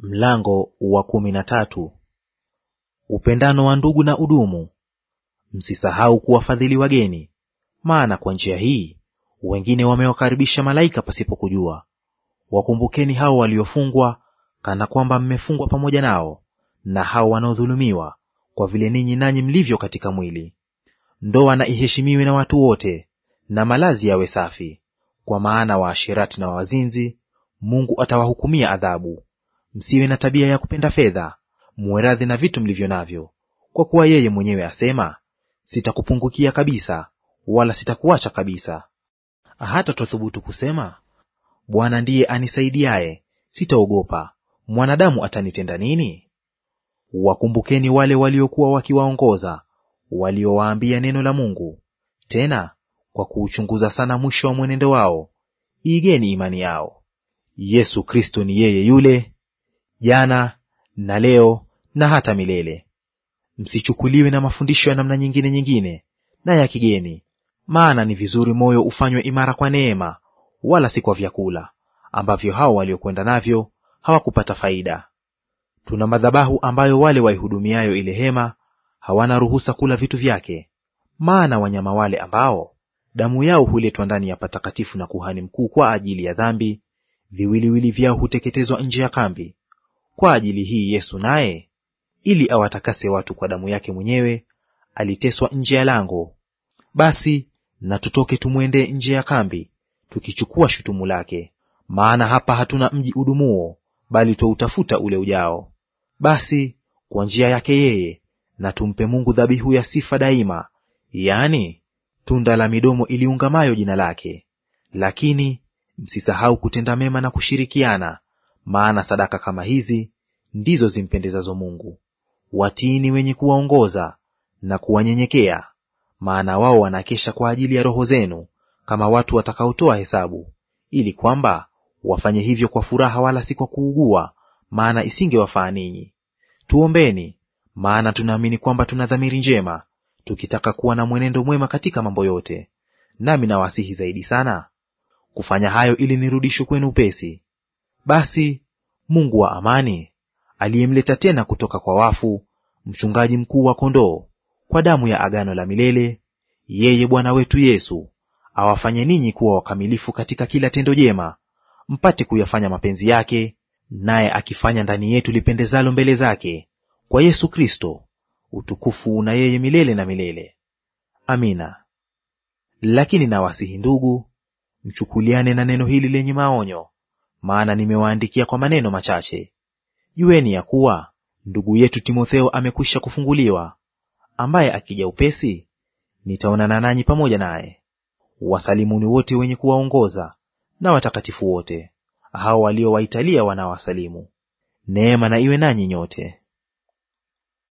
Mlango wa kumi na tatu. Upendano wa ndugu na udumu. Msisahau kuwafadhili wageni, maana kwa njia hii wengine wamewakaribisha malaika pasipo kujua Wakumbukeni hao waliofungwa, kana kwamba mmefungwa pamoja nao, na hao wanaodhulumiwa, kwa vile ninyi nanyi mlivyo katika mwili. Ndoa na iheshimiwe na watu wote, na malazi yawe safi, kwa maana waashirati na wazinzi Mungu atawahukumia adhabu. Msiwe na tabia ya kupenda fedha, muwe radhi na vitu mlivyo navyo, kwa kuwa yeye mwenyewe asema, sitakupungukia kabisa, wala sitakuacha kabisa. Hata twathubutu kusema, Bwana ndiye anisaidiaye, sitaogopa; mwanadamu atanitenda nini? Wakumbukeni wale waliokuwa wakiwaongoza, waliowaambia neno la Mungu; tena kwa kuuchunguza sana mwisho wa mwenendo wao, iigeni imani yao. Yesu Kristo ni yeye yule jana na leo na hata milele. Msichukuliwe na mafundisho ya namna nyingine nyingine na ya kigeni, maana ni vizuri moyo ufanywe imara kwa neema, wala si kwa vyakula ambavyo hao waliokwenda navyo hawakupata faida. Tuna madhabahu ambayo wale waihudumiayo ile hema hawana ruhusa kula vitu vyake, maana wanyama wale ambao damu yao huletwa ndani ya patakatifu na kuhani mkuu kwa ajili ya dhambi, viwiliwili vyao huteketezwa nje ya kambi, kwa ajili hii Yesu naye, ili awatakase watu kwa damu yake mwenyewe, aliteswa nje ya lango. Basi na tutoke tumwendee nje ya kambi, tukichukua shutumu lake, maana hapa hatuna mji udumuo, bali twautafuta ule ujao. Basi kwa njia yake yeye na tumpe Mungu dhabihu ya sifa daima, yaani tunda la midomo iliungamayo jina lake. Lakini msisahau kutenda mema na kushirikiana maana sadaka kama hizi ndizo zimpendezazo Mungu. Watiini wenye kuwaongoza na kuwanyenyekea, maana wao wanakesha kwa ajili ya roho zenu, kama watu watakaotoa hesabu, ili kwamba wafanye hivyo kwa furaha, wala si kwa kuugua, maana isingewafaa ninyi. Tuombeni, maana tunaamini kwamba tuna dhamiri njema, tukitaka kuwa na mwenendo mwema katika mambo yote. Nami nawasihi zaidi sana kufanya hayo, ili nirudishwe kwenu upesi, basi Mungu wa amani, aliyemleta tena kutoka kwa wafu mchungaji mkuu wa kondoo, kwa damu ya agano la milele, yeye Bwana wetu Yesu, awafanye ninyi kuwa wakamilifu katika kila tendo jema, mpate kuyafanya mapenzi yake, naye akifanya ndani yetu lipendezalo mbele zake, kwa Yesu Kristo, utukufu una yeye milele na milele. Amina. Lakini nawasihi ndugu, mchukuliane na neno hili lenye maonyo maana nimewaandikia kwa maneno machache. Jueni ya kuwa ndugu yetu Timotheo amekwisha kufunguliwa, ambaye akija upesi nitaonana nanyi pamoja naye. Wasalimuni wote wenye kuwaongoza na watakatifu wote. Hao waliowaitalia wanawasalimu. Neema na iwe nanyi nyote.